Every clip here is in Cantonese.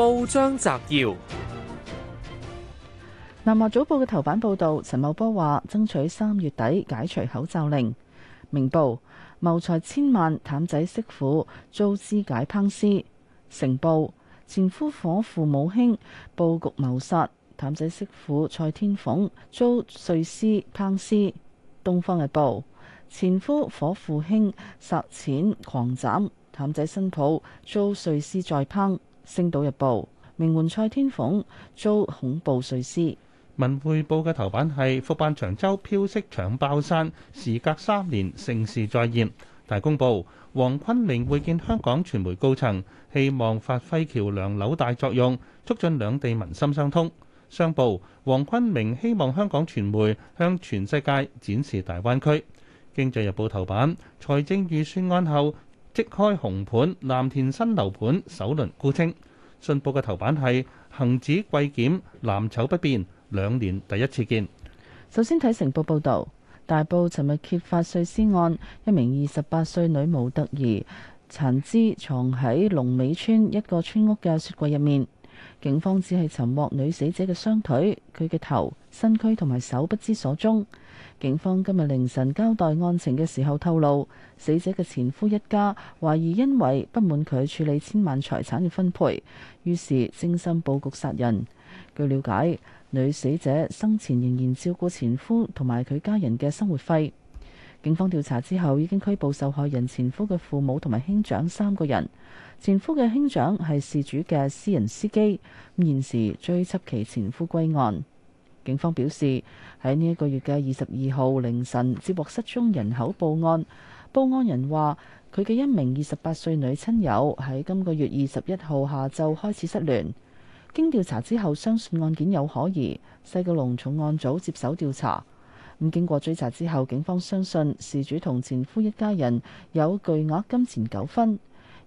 報章摘要：南華早報嘅頭版報道，陳茂波話爭取三月底解除口罩令。明報謀財千萬，譚仔媳婦遭肢解烹屍。成報前夫伙父母兄布局謀殺譚仔媳婦蔡天鳳遭碎屍烹屍。東方日報前夫伙父兄殺錢狂斬譚仔新抱遭碎屍再烹。星島日報：名媛蔡天鳳遭恐怖碎屍。文匯報嘅頭版係復辦長洲飄色搶包山，時隔三年盛事再現。大公報：黃坤明會見香港傳媒高層，希望發揮橋樑紐帶作用，促進兩地民心相通。商報：黃坤明希望香港傳媒向全世界展示大灣區。經濟日報頭版：財政預算案後。即開紅盤，藍田新樓盤首輪沽清。信報嘅頭版係恆指季檢藍籌不變，兩年第一次見。首先睇成報報導，大埔尋日揭發碎屍案，一名二十八歲女模特兒殘肢藏喺龍尾村一個村屋嘅雪櫃入面。警方只係尋獲女死者嘅雙腿，佢嘅頭、身軀同埋手不知所蹤。警方今日凌晨交代案情嘅時候透露，死者嘅前夫一家懷疑因為不滿佢處理千萬財產嘅分配，於是精心佈局殺人。據了解，女死者生前仍然照顧前夫同埋佢家人嘅生活費。警方調查之後已經拘捕受害人前夫嘅父母同埋兄長三個人，前夫嘅兄長係事主嘅私人司機，現時追緝其前夫歸案。警方表示喺呢一個月嘅二十二號凌晨接獲失蹤人口報案，報案人話佢嘅一名二十八歲女親友喺今個月二十一號下晝開始失聯，經調查之後相信案件有可疑，西九龍重案組接手調查。咁經過追查之後，警方相信事主同前夫一家人有巨額金錢糾紛，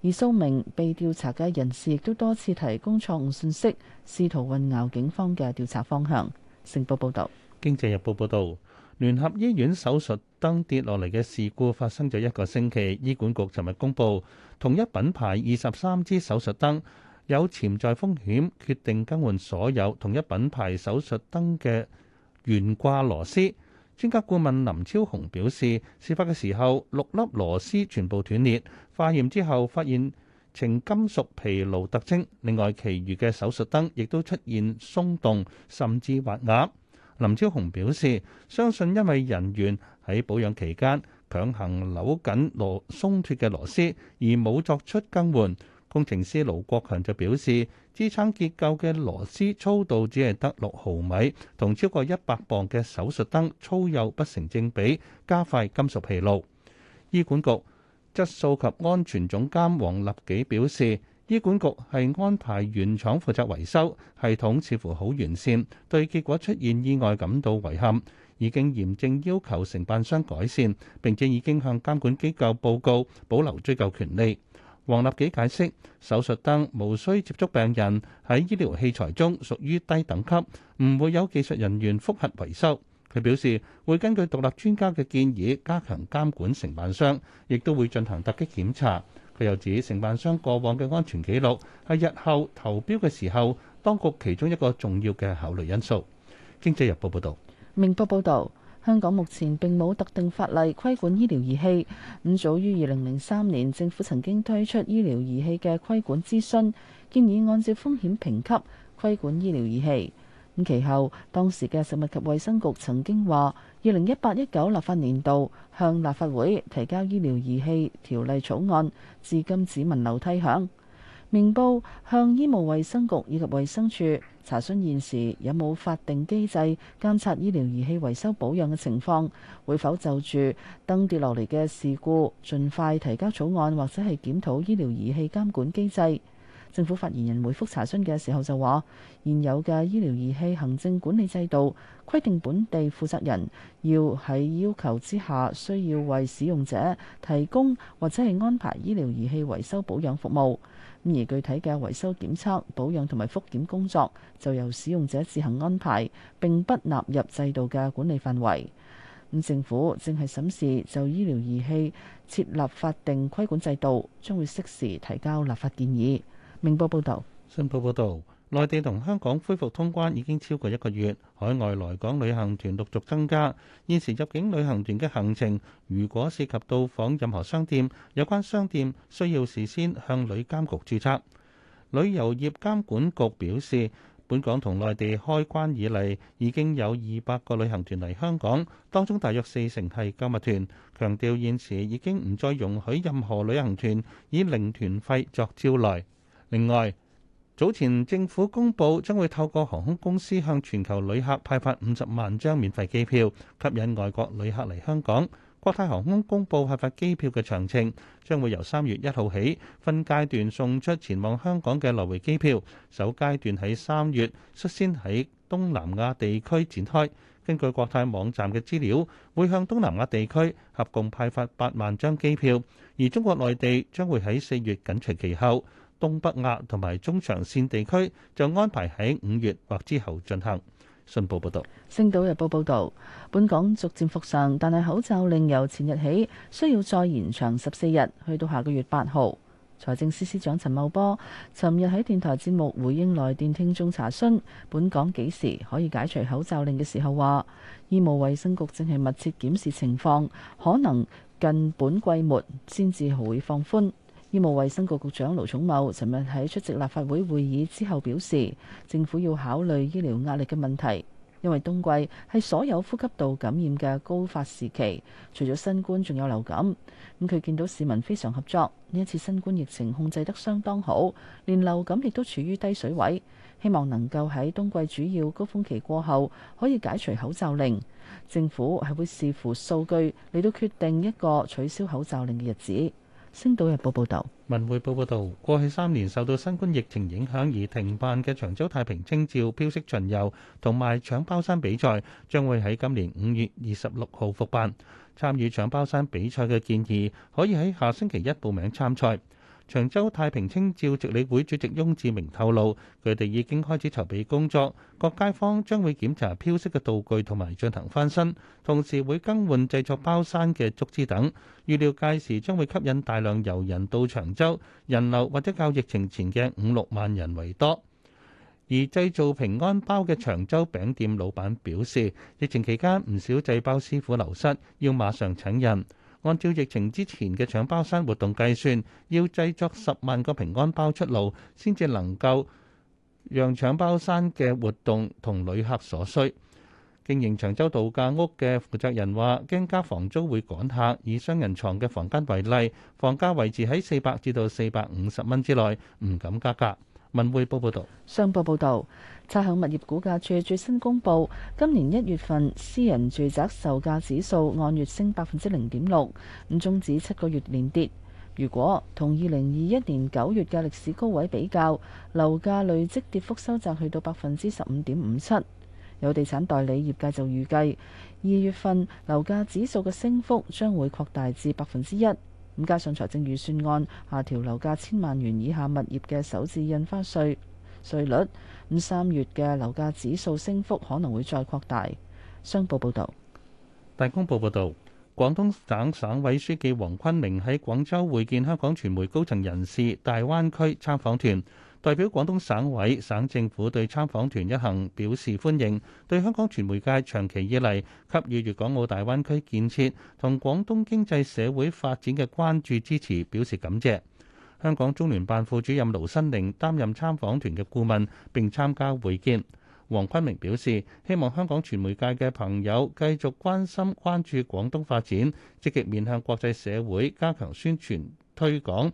而數名被調查嘅人士亦都多次提供錯誤信息，試圖混淆警方嘅調查方向。成報報道，經濟日報報道，聯合醫院手術燈跌落嚟嘅事故發生咗一個星期，醫管局尋日公布同一品牌二十三支手術燈有潛在風險，決定更換所有同一品牌手術燈嘅懸掛螺絲。專家顧問林超雄表示，事發嘅時候六粒螺絲全部斷裂，化驗之後發現呈金屬疲勞特徵。另外，其餘嘅手術燈亦都出現鬆動甚至滑牙。林超雄表示，相信因為人員喺保養期間強行扭緊螺鬆脱嘅螺絲，而冇作出更換。工程師盧國強就表示，支撐結構嘅螺絲粗度只係得六毫米，同超過一百磅嘅手術燈粗幼不成正比，加快金屬疲勞。醫管局質素及安全總監黃立紀表示，醫管局係安排原廠負責維修，系統似乎好完善，對結果出現意外感到遺憾，已經嚴正要求承辦商改善，並且已經向監管機構報告，保留追究權利。黃立己解釋，手術燈無需接觸病人，喺醫療器材中屬於低等級，唔會有技術人員複核維修。佢表示會根據獨立專家嘅建議加強監管承辦商，亦都會進行突擊檢查。佢又指承辦商過往嘅安全記錄係日後投標嘅時候，當局其中一個重要嘅考慮因素。經濟日報報道，明報報道。香港目前並冇特定法例規管醫療儀器。咁早於二零零三年，政府曾經推出醫療儀器嘅規管諮詢，建議按照風險評級規管醫療儀器。咁其後當時嘅食物及衛生局曾經話二零一八一九立法年度向立法會提交醫療儀器條例草案，至今只聞樓梯響，明報向醫務衛生局以及衛生署。查詢現時有冇法定機制監察醫療儀器維修保養嘅情況，會否就住燈跌落嚟嘅事故，盡快提交草案或者係檢討醫療儀器監管機制？政府發言人回覆查詢嘅時候就話：現有嘅醫療儀器行政管理制度規定，本地負責人要喺要求之下，需要為使用者提供或者係安排醫療儀器維修保養服務。咁而具體嘅維修檢測、保養同埋復檢工作，就由使用者自行安排，並不納入制度嘅管理範圍。咁政府正係審視就醫療儀器設立法定規管制度，將會適時提交立法建議。明報報道。新報報道。內地同香港恢復通關已經超過一個月，海外來港旅行團陸續增加。現時入境旅行團嘅行程，如果涉及到訪任何商店，有關商店需要事先向旅監局註冊。旅遊業監管局表示，本港同內地開關以來已經有二百個旅行團嚟香港，當中大約四成係購物團。強調現時已經唔再容許任何旅行團以零團費作招來。另外，早前政府公布，將會透過航空公司向全球旅客派發五十萬張免費機票，吸引外國旅客嚟香港。國泰航空公布派發機票嘅詳情，將會由三月一號起分階段送出前往香港嘅來回機票。首階段喺三月率先喺東南亞地區展開。根據國泰網站嘅資料，會向東南亞地區合共派發八萬張機票，而中國內地將會喺四月緊隨其後。東北亞同埋中長線地區就安排喺五月或之後進行。信報報道，《星島日報》報道，本港逐漸復常，但係口罩令由前日起需要再延長十四日，去到下個月八號。財政司司長陳茂波尋日喺電台節目回應來電聽眾查詢本港幾時可以解除口罩令嘅時候話，醫務衛生局正係密切檢視情況，可能近本季末先至會放寬。醫務衛生局局長盧寵茂尋日喺出席立法會會議之後表示，政府要考慮醫療壓力嘅問題，因為冬季係所有呼吸道感染嘅高發時期，除咗新冠，仲有流感。咁佢見到市民非常合作，呢一次新冠疫情控制得相當好，連流感亦都處於低水位，希望能夠喺冬季主要高峰期過後可以解除口罩令。政府係會視乎數據嚟到決定一個取消口罩令嘅日子。星島日報報道，文匯報報道，過去三年受到新冠疫情影響而停辦嘅長洲太平清醮飄色巡遊同埋搶包山比賽，將會喺今年五月二十六號復辦。參與搶包山比賽嘅建議，可以喺下星期一報名參賽。長洲太平清醮值理會主席翁志明透露，佢哋已經開始籌備工作，各街坊將會檢查飄色嘅道具同埋進行翻新，同時會更換製作包山嘅竹枝等。預料屆時將會吸引大量遊人到長洲，人流或者較疫情前嘅五六萬人為多。而製造平安包嘅長洲餅店老闆表示，疫情期間唔少製包師傅流失，要馬上請人。按照疫情之前嘅搶包山活動計算，要製作十萬個平安包出爐，先至能夠讓搶包山嘅活動同旅客所需。經營長洲度假屋嘅負責人話，驚加房租會趕客，以雙人床嘅房間為例，房價維持喺四百至到四百五十蚊之內，唔敢加價。文匯報報道，商報報道，差餉物業估價署最,最新公布，今年一月份私人住宅售價,售價指數按月升百分之零點六，咁終止七個月連跌。如果同二零二一年九月嘅歷史高位比較，樓價累積跌幅收窄去到百分之十五點五七。有地產代理業界就預計，二月份樓價指數嘅升幅將會擴大至百分之一。咁加上財政預算案下調樓價千萬元以下物業嘅首次印花稅稅，稅率，咁三月嘅樓價指數升幅可能會再擴大。商報報導，大公報報導，廣東省省委書記黃坤明喺廣州會見香港傳媒高層人士、大灣區參訪團。代表廣東省委省政府對參訪團一行表示歡迎，對香港傳媒界長期以嚟給予粵港澳大灣區建設同廣東經濟社會發展嘅關注支持表示感謝。香港中聯辦副主任盧新寧擔任參訪團嘅顧問並參加會見。黃坤明表示，希望香港傳媒界嘅朋友繼續關心關注廣東發展，積極面向國際社會加強宣傳推廣，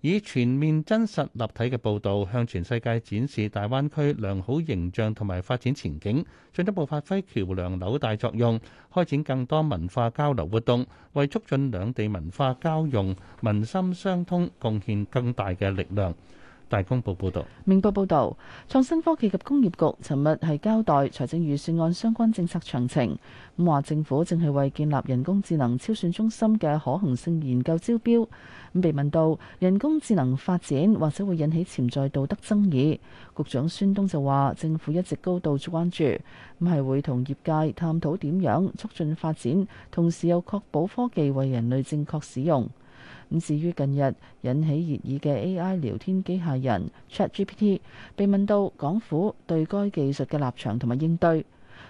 以全面、真實、立體嘅報導向全世界展示大灣區良好形象同埋發展前景，進一步發揮橋樑紐帶作用，開展更多文化交流活動，為促進兩地文化交融、民心相通，貢獻更大嘅力量。大公報報道，明報報道，創新科技及工業局尋日係交代財政預算案相關政策詳情。咁話政府正係為建立人工智能超算中心嘅可行性研究招標。咁被問到人工智能發展或者會引起潛在道德爭議，局長孫東就話政府一直高度關注，咁係會同業界探討點樣促進發展，同時又確保科技為人類正確使用。咁至於近日引起熱議嘅 A.I. 聊天機械人 ChatGPT，被問到港府對該技術嘅立場同埋應對，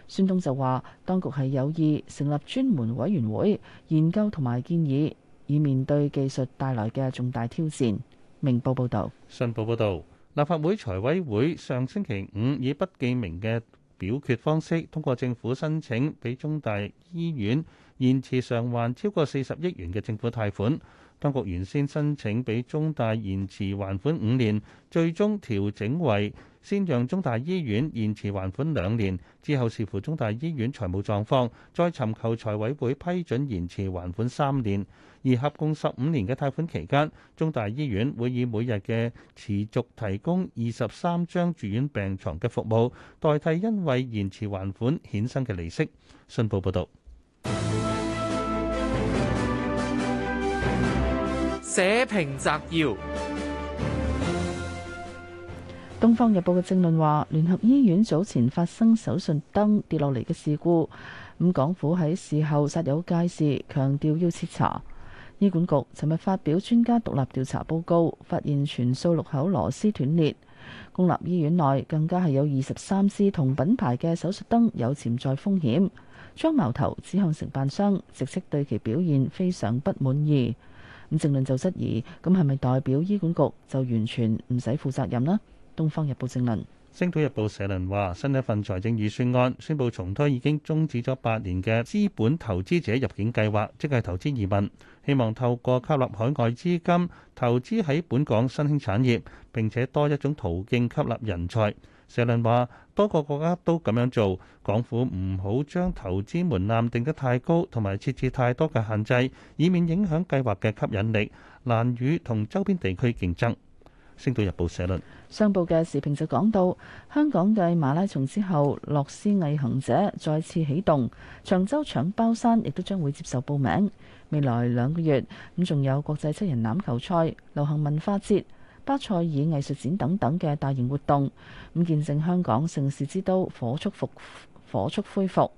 孫東就話：當局係有意成立專門委員會研究同埋建議，以面對技術帶來嘅重大挑戰。明報報道。信報報導，立法會財委會上星期五以不記名嘅表決方式通過政府申請，俾中大醫院延遲償還超過四十億元嘅政府貸款。當局原先申請俾中大延遲還款五年，最終調整為先讓中大醫院延遲還款兩年，之後視乎中大醫院財務狀況，再尋求財委會批准延遲還款三年。而合共十五年嘅貸款期間，中大醫院會以每日嘅持續提供二十三張住院病床嘅服務，代替因為延遲還款衍生嘅利息。信報報道。社評摘要。《東方日報》嘅正論話：聯合醫院早前發生手術燈跌落嚟嘅事故，咁港府喺事後煞有介事，強調要徹查。醫管局尋日發表專家獨立調查報告，發現全數六口螺絲斷裂。公立醫院內更加係有二十三支同品牌嘅手術燈有潛在風險，將矛頭指向承辦商，直斥對其表現非常不滿意。咁正論就質疑，咁係咪代表醫管局就完全唔使負責任呢？東方日報正論。星島日報社論話，新一份財政預算案宣布重推已經終止咗八年嘅資本投資者入境計劃，即係投資移民，希望透過吸納海外資金投資喺本港新興產業，並且多一種途徑吸納人才。社論話。多個國家都咁樣做，港府唔好將投資門檻定得太高，同埋設置太多嘅限制，以免影響計劃嘅吸引力，難與同周邊地區競爭。星島日報社論。上報嘅時評就講到，香港繼馬拉松之後，樂施毅行者再次啟動，長洲搶包山亦都將會接受報名。未來兩個月，咁仲有國際七人欖球賽、流行文化節、巴塞爾藝術展等等嘅大型活動，咁見證香港盛事之都火速復火速恢復。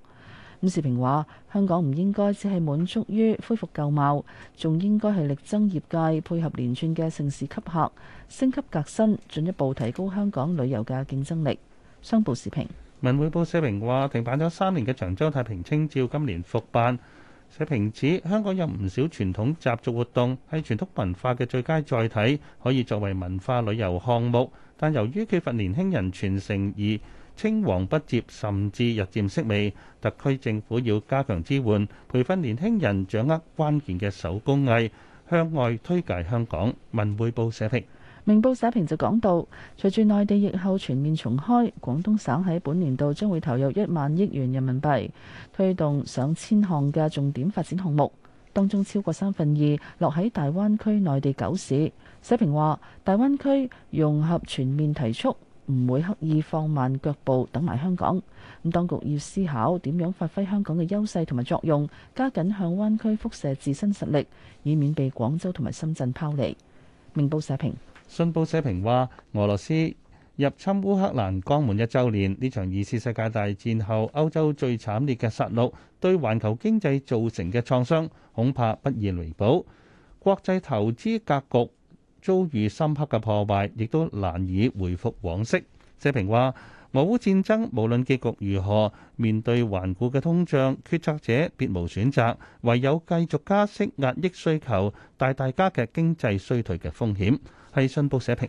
咁時評話，香港唔應該只係滿足於恢復舊貌，仲應該係力爭業界配合連串嘅盛事吸客，升級革新，進一步提高香港旅遊嘅競爭力。商報時評，文匯報社評話，停辦咗三年嘅長洲太平清醮今年復辦。社評指香港有唔少傳統習俗活動係傳統文化嘅最佳載體，可以作為文化旅遊項目。但由於缺乏年輕人傳承，而青黃不接，甚至日漸式微，特區政府要加強支援，培訓年輕人掌握關鍵嘅手工藝，向外推介香港。文匯報社評。明報社評就講到，隨住內地疫後全面重開，廣東省喺本年度將會投入一萬億元人民幣，推動上千項嘅重點發展項目，當中超過三分二落喺大灣區內地九市。社評話，大灣區融合全面提速，唔會刻意放慢腳步等埋香港。咁當局要思考點樣發揮香港嘅優勢同埋作用，加緊向灣區輻射自身實力，以免被廣州同埋深圳拋離。明報社評。信報社評話：俄羅斯入侵烏克蘭江門一週年，呢場二次世界大戰後歐洲最慘烈嘅殺戮，對環球經濟造成嘅創傷恐怕不易彌補。國際投資格局遭遇深刻嘅破壞，亦都難以回復往昔。社評話：俄烏戰爭無論結局如何，面對頑固嘅通脹，決策者別無選擇，唯有繼續加息壓抑需求，帶大家嘅經濟衰退嘅風險。係《信報社評》。